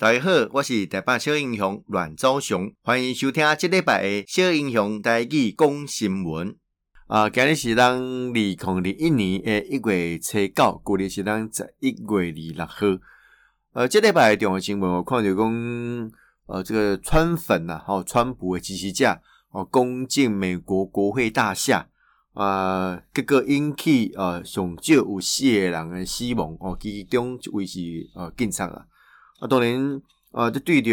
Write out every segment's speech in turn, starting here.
大家好，我是台北小英雄阮昭雄，歡迎收聽啊，這禮拜嘅小英雄大家講新聞。啊、呃，今日是當二零二一年誒一月初九，舊日是當十一月二六號。呃，這禮拜重要新聞，我看到講，呃，這個川粉吶、啊，吼、哦，川普嘅支持者，哦、呃，攻進美國國會大廈，啊、呃，各個引起，呃，上少有四個人嘅死亡，哦、呃，其中一位是，呃，警察啊。啊，當然，啊、呃，對的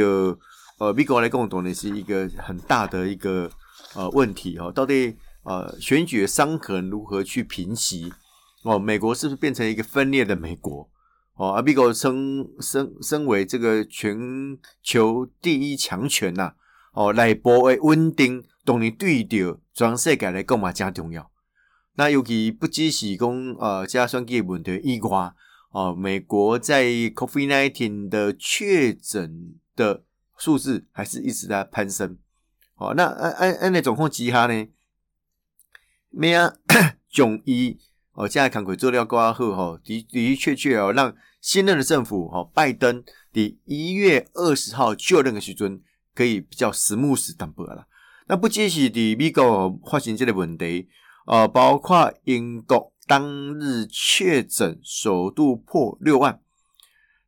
呃，美國來講，當然是一個很大的一個呃問題哦。到底呃，選舉的傷痕如何去平息？哦，美國是不是變成一個分裂的美國？哦，啊，美國升升，身為這個全球第一強權吶、啊，哦，內部的穩定，當然對的全世界來講嘛真重要。那尤其不只是講呃加選舉問題以外。哦，美國在 COVID-19 的確診的數字還是一直在攀升。哦，那按按按的總控之下呢，咩啊，中醫哦，現在康桂做了過後，哈、哦，的的確確哦，讓新任的政府哦，拜登的一月二十號就任的時準，可以比較 smooth 實當不啦。那不僅是的美國、哦、發生這個問題，呃，包括英國。當日確診首度破六萬，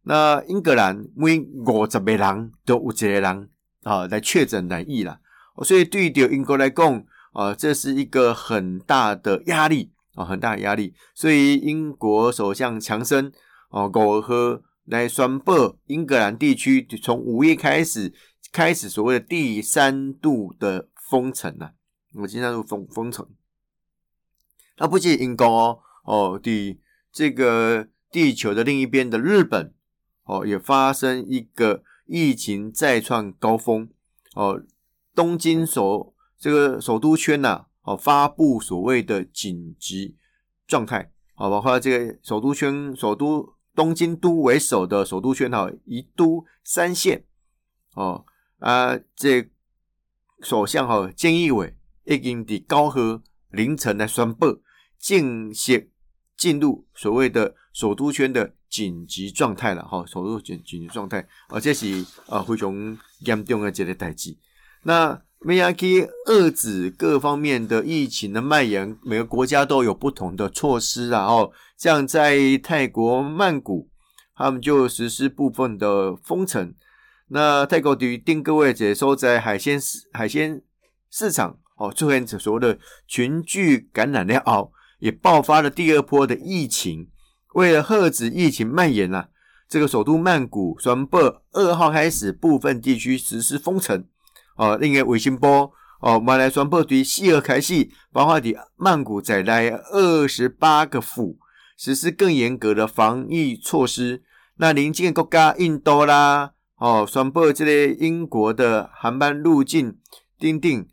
那英格蘭每五十個人都有一個人啊來確診染疫了，所以對掉英國來講啊，這是一個很大的壓力啊，很大的壓力。所以英國首相強生哦，我、啊、和來宣布英格蘭地區就從五月開始開始所謂的第三度的封城了、啊，我們今天就封封城。啊，不僅英國哦，哦，在這個地球的另一邊的日本哦，也發生一個疫情再創高峰哦，東京首這個首都圈吶、啊、哦，發布所謂的緊急狀態，好、哦，包括這個首都圈、首都東京都為首的首都圈哈、哦，一都三縣哦啊，這首相哈、哦，菅義偉已經在高和凌晨來宣布。進行進入所謂的首都圈的緊急狀態了哈、哦，首都緊緊急狀態，而、哦、且是啊非常嚴重的這類代際。那為了去遏止各方面的疫情的蔓延，每個國家都有不同的措施啊。哦，像在泰國曼谷，他們就實施部分的封城。那泰國丁的丁各位接收在海鮮海鮮市場哦出現所謂的群聚感染料、哦也爆發了第二波的疫情，為了遏止疫情蔓延吶、啊，這個首都曼谷，雙柏二號開始部分地區實施封城。哦，另外衛星波哦，馬來雙柏對西二開系包括的曼谷在內二十八個府實施更嚴格的防疫措施。那臨近國家印度啦，哦，雙柏這些英國的航班入境訂定。丁丁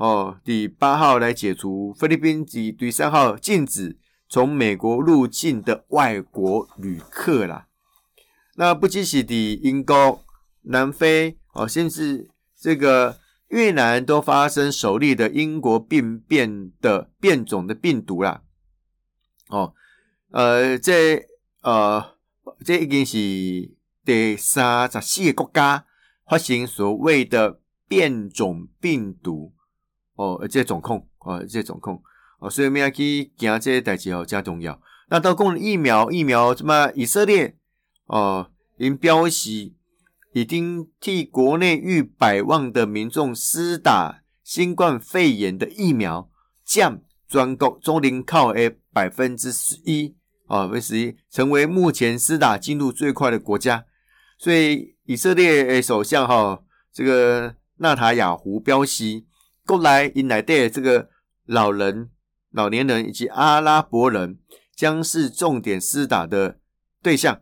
哦，第八號來解除菲律賓及第三號禁止從美國入境的外國旅客啦。那不僅是的英國、南非，哦，甚至這個越南都發生首例的英國病變的變種的病毒啦。哦，呃，這呃，這已經是第三十四個國家發生所謂的變種病毒。哦，這些總控哦，這些總控哦，所以咪要去行這些代志哦，加重要。那到講疫苗，疫苗，什麼以色列哦，林彪西已經替國內逾百萬的民眾施打新冠肺炎的疫苗，降專國中林靠 A 百分之十一哦，為十一，成為目前施打進度最快的國家。所以以色列首相哈、哦，這個納塔雅胡彪西。後來，因奈代這個老人、老年人以及阿拉伯人將是重點施打的對象。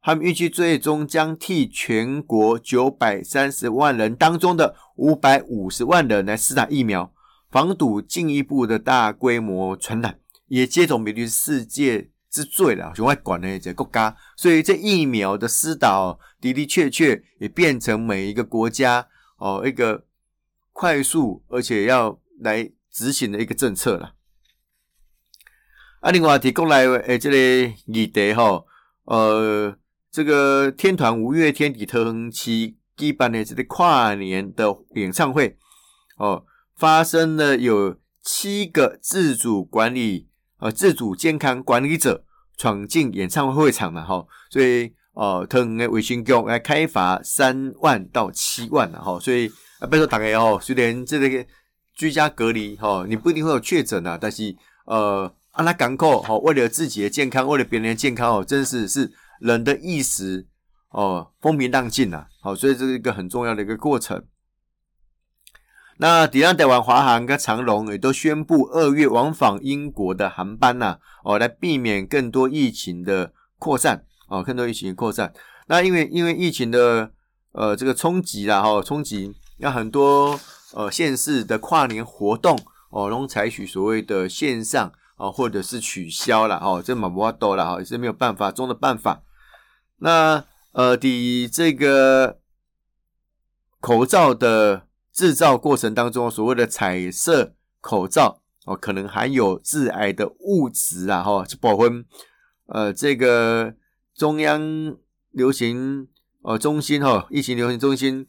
他們預計最終將替全國九百三十萬人當中的五百五十萬人來施打疫苗，防堵進一步的大規模傳染。也接種比率世界之最了，雄外管呢這國家，所以這疫苗的施打、哦、的的確確也變成每一個國家哦一個。快速而且要來執行的一個政策了。啊，另外提供來誒，這裡第二哈，呃，這個天團五月天的桃園七舉辦的這個跨年的演唱會，哦、呃，發生了有七個自主管理呃自主健康管理者闖進演唱會場嘛哈，所以呃，桃園的衛生局來開罰三萬到七萬了哈，所以。呃啊，別說大概哦，雖然這個居家隔離哈、哦，你不一定會有確診啊，但是呃，阿拉港口哈，為了自己的健康，為了別人的健康哦，真是是人的意識哦，風平浪靜啊。好、哦，所以這是一個很重要的一個過程。那迪拉德、完華航跟長榮也都宣布二月往返英國的航班吶、啊，哦，來避免更多疫情的擴散啊、哦，更多疫情的擴散。那因為因為疫情的呃這個衝擊啦，哈，衝擊。要很多呃，縣市的跨年活動哦，都採取所謂的線上啊、哦，或者是取消了哦，這麼不話多了哈，也是沒有辦法中的辦法。那呃，的這個口罩的製造過程當中，所謂的彩色口罩哦，可能含有致癌的物質啊，哈、哦，就包括呃，這個中央流行呃，中心哈、哦，疫情流行中心。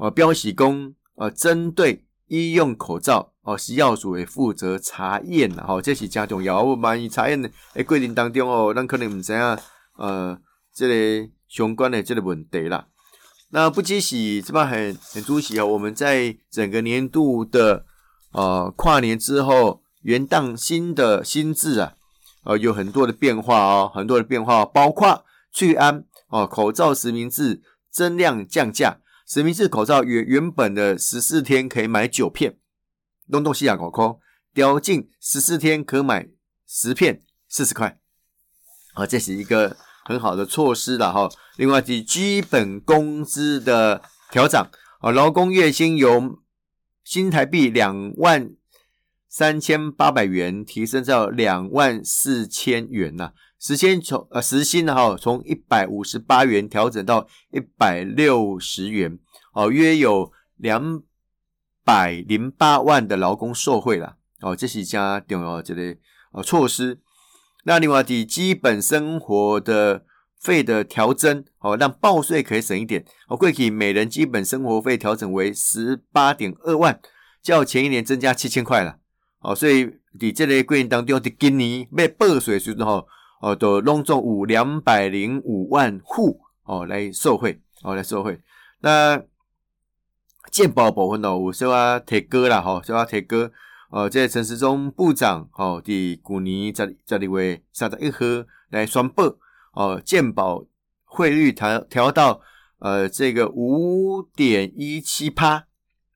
哦、呃，標喜工哦，針、呃、對醫用口罩哦，食藥署也負責查驗啦。吼、呃，這是很重要。我，哦、萬一查驗呢？哎，桂林當中哦，咱可能唔知啊。呃，這類、個、相關的這個問題啦。那不只是這麼很很出息哦，我們在整個年度的呃跨年之後，元旦新的新制啊，呃，有很多的變化哦，很多的變化，包括去氨哦口罩實名制增量降價。實名制口罩原原本的十四天可以買九片，東東西亞口空雕進十四天可買十片40，四十塊，好，這是一個很好的措施了哈。另外及基本工資的調漲，啊，勞工月薪由新台幣兩萬。三千八百元提升到兩萬四千元啦、啊，時薪從呃時薪哈、啊、從一百五十八元調整到一百六十元，哦、啊、約有兩百零八萬的勞工受惠啦，哦、啊、這是加點哦這類哦、啊這個啊、措施。那另外的，基本生活的費的調增，哦、啊、讓報稅可以省一點，哦會體每人基本生活費調整為十八點二萬，較前一年增加七千塊了。哦，所以佇即個過程當中，佇今年要報稅的時候，哦，都攏總有兩百零五萬戶哦來受惠，哦來受惠。那健保部分哦，有小阿鐵哥啦，哈、呃，小阿鐵哥哦，在陳時中部長哦的鼓勵下，下一為三十一喝來宣布哦，健保、哦、匯率調調到呃這個五點一七趴。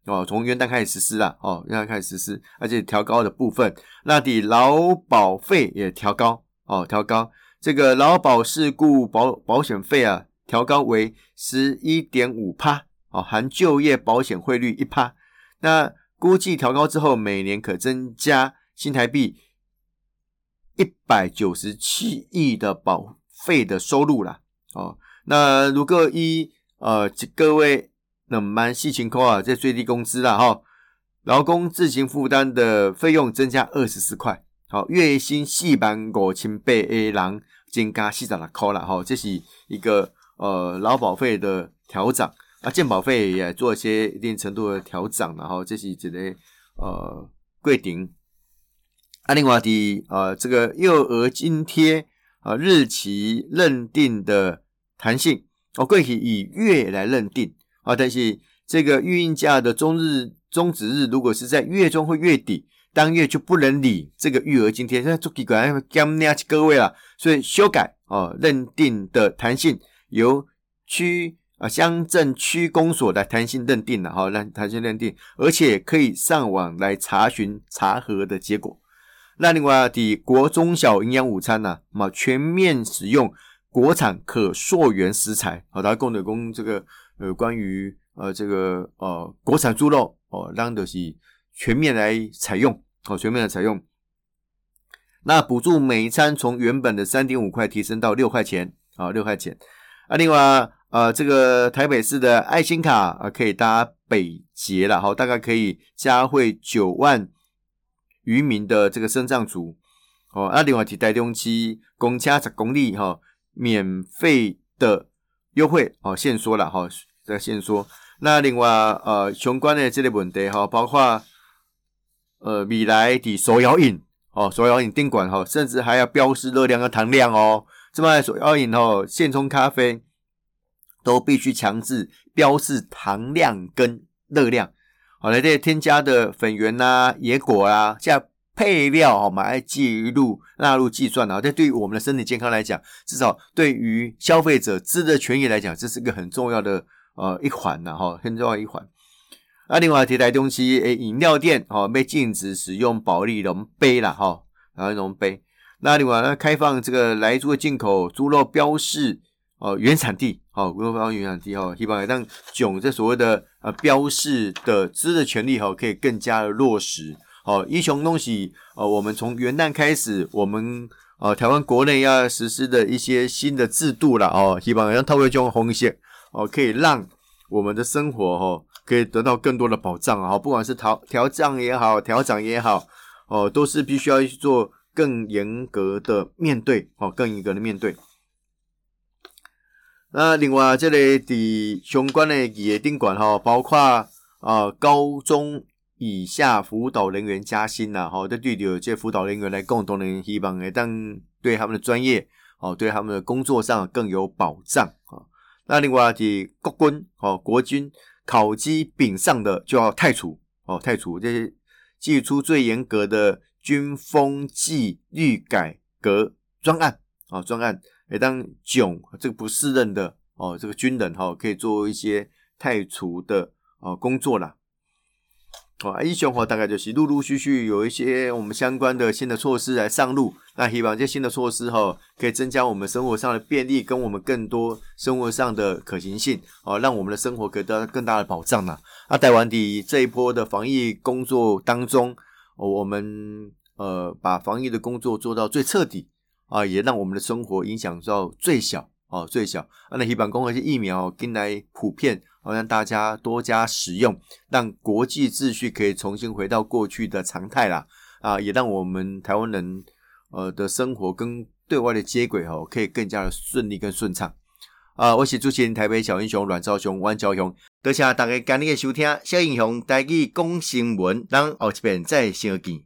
哦，從元旦開始實施了哦，元旦開始實施，而且調高的部分，那底勞保費也調高哦，調高這個勞保事故保保險費啊，調高為十一點五趴哦，含就業保險匯率一趴，那估計調高之後每年可增加新台幣一百九十七億的保費的收入啦。哦，那如果一，呃各位。滿、嗯、四千塊啊！這是最低工資啦，哈，勞工自行負擔的費用增加二十四塊。好，月薪四百九千八 A 人增加四十六哈，這是一個呃勞保費的調整啊，健保費也做一些一定程度的調整，然後這是這個呃規定。另外的啊、呃，這個幼兒津貼啊，日期認定的彈性哦，過去以月來認定。好，但是這個育嬰假的終日終止日，如果是在月中或月底，當月就不能領這個育兒津貼。那做幾個各位了，所以修改哦，認定的彈性由區啊鄉鎮區公所來彈性認定了，好、哦，來彈，彈性認定，而且可以上網來查詢查核的結果。那另外的國中小營養午餐呢、啊，那麼全面使用國產可溯源食材，好、哦，大家共同共這個。呃，關於呃這個呃國產豬肉哦，讓的是全面來採用哦，全面來採用。那補助每一餐從原本的三點五塊提升到六塊錢啊，六、哦、塊錢。啊，另外啊、呃，這個台北市的愛心卡啊，可以搭北捷了哈、哦，大概可以加惠九萬餘名的這個身障族。哦。那、啊、另外提台中市公車十公里哈、哦，免費的。優惠哦，限塑了哈，再限塑。那另外呃，相關的這個問題哈、哦，包括呃未來的手搖飲哦，手搖飲定管哈，甚至還要標示熱量跟糖量哦。這麼手搖飲哦，現沖咖啡都必須強制標示糖量跟熱量。好、哦，來這些添加的粉圓吶、啊、椰果啊，加。配料哈嘛，來記入納入計算呢？這對於我們的身體健康來講，至少對於消費者知的權益來講，這是一個很重要的呃一環呢哈，很重要的一環。那、啊、另外，提台東西，誒、欸、飲料店哈被、喔、禁止使用保麗龍杯了哈，然後龍杯。那另外，呢，開放這個萊豬的進口，豬肉標示哦、呃、原產地哦、開、喔、標原產地哦、喔，希望讓囧這所謂的呃標示的知的權利哈、喔，可以更加的落實。好、哦，一窮弄西哦，我們從元旦開始，我們呃台灣國內要實施的一些新的制度了哦，希望要透過這種紅線哦，可以讓我們的生活哦可以得到更多的保障啊、哦，不管是調調漲也好，調整也好哦，都是必須要去做更嚴格的面對哦，更嚴格的面對。那另外這裡、個、的相關的企業監哈、哦，包括呃高中。以下輔導人員加薪吶、啊，哈，對有些輔導人員來共同的希望誒，當對他們的專業，哦，對他們的工作上更有保障啊。那另外是國軍，哦，國軍考績丙上的就要汰除，哦，汰除，這些，祭出最嚴格的軍風紀律改革專案，哦，專案，誒，當炯這個不適任的，哦，這個軍人哈、哦，可以做一些汰除的，哦，工作啦。哦、啊，疫情哈，大概就是陸陸續續有一些我們相關的新的措施來上路，那希望這些新的措施哈、哦，可以增加我們生活上的便利，跟我們更多生活上的可行性，哦，讓我們的生活可以得到更大的保障呢。那、啊、台灣的這一波的防疫工作當中，哦，我們呃把防疫的工作做到最徹底，啊，也讓我們的生活影響到最小。哦，最小啊，那基本公共衛生疫苗跟、哦、來普遍，哦，讓大家多加使用，讓國際秩序可以重新回到過去的常態啦，啊，也讓我們台灣人呃的生活跟對外的接軌哦，可以更加的順利跟順暢。啊，我是主持人台北小英雄阮昭雄、阮昭雄，多謝大家今天的收聽，小英雄帶去公新聞，等後幾遍再相見。謝謝。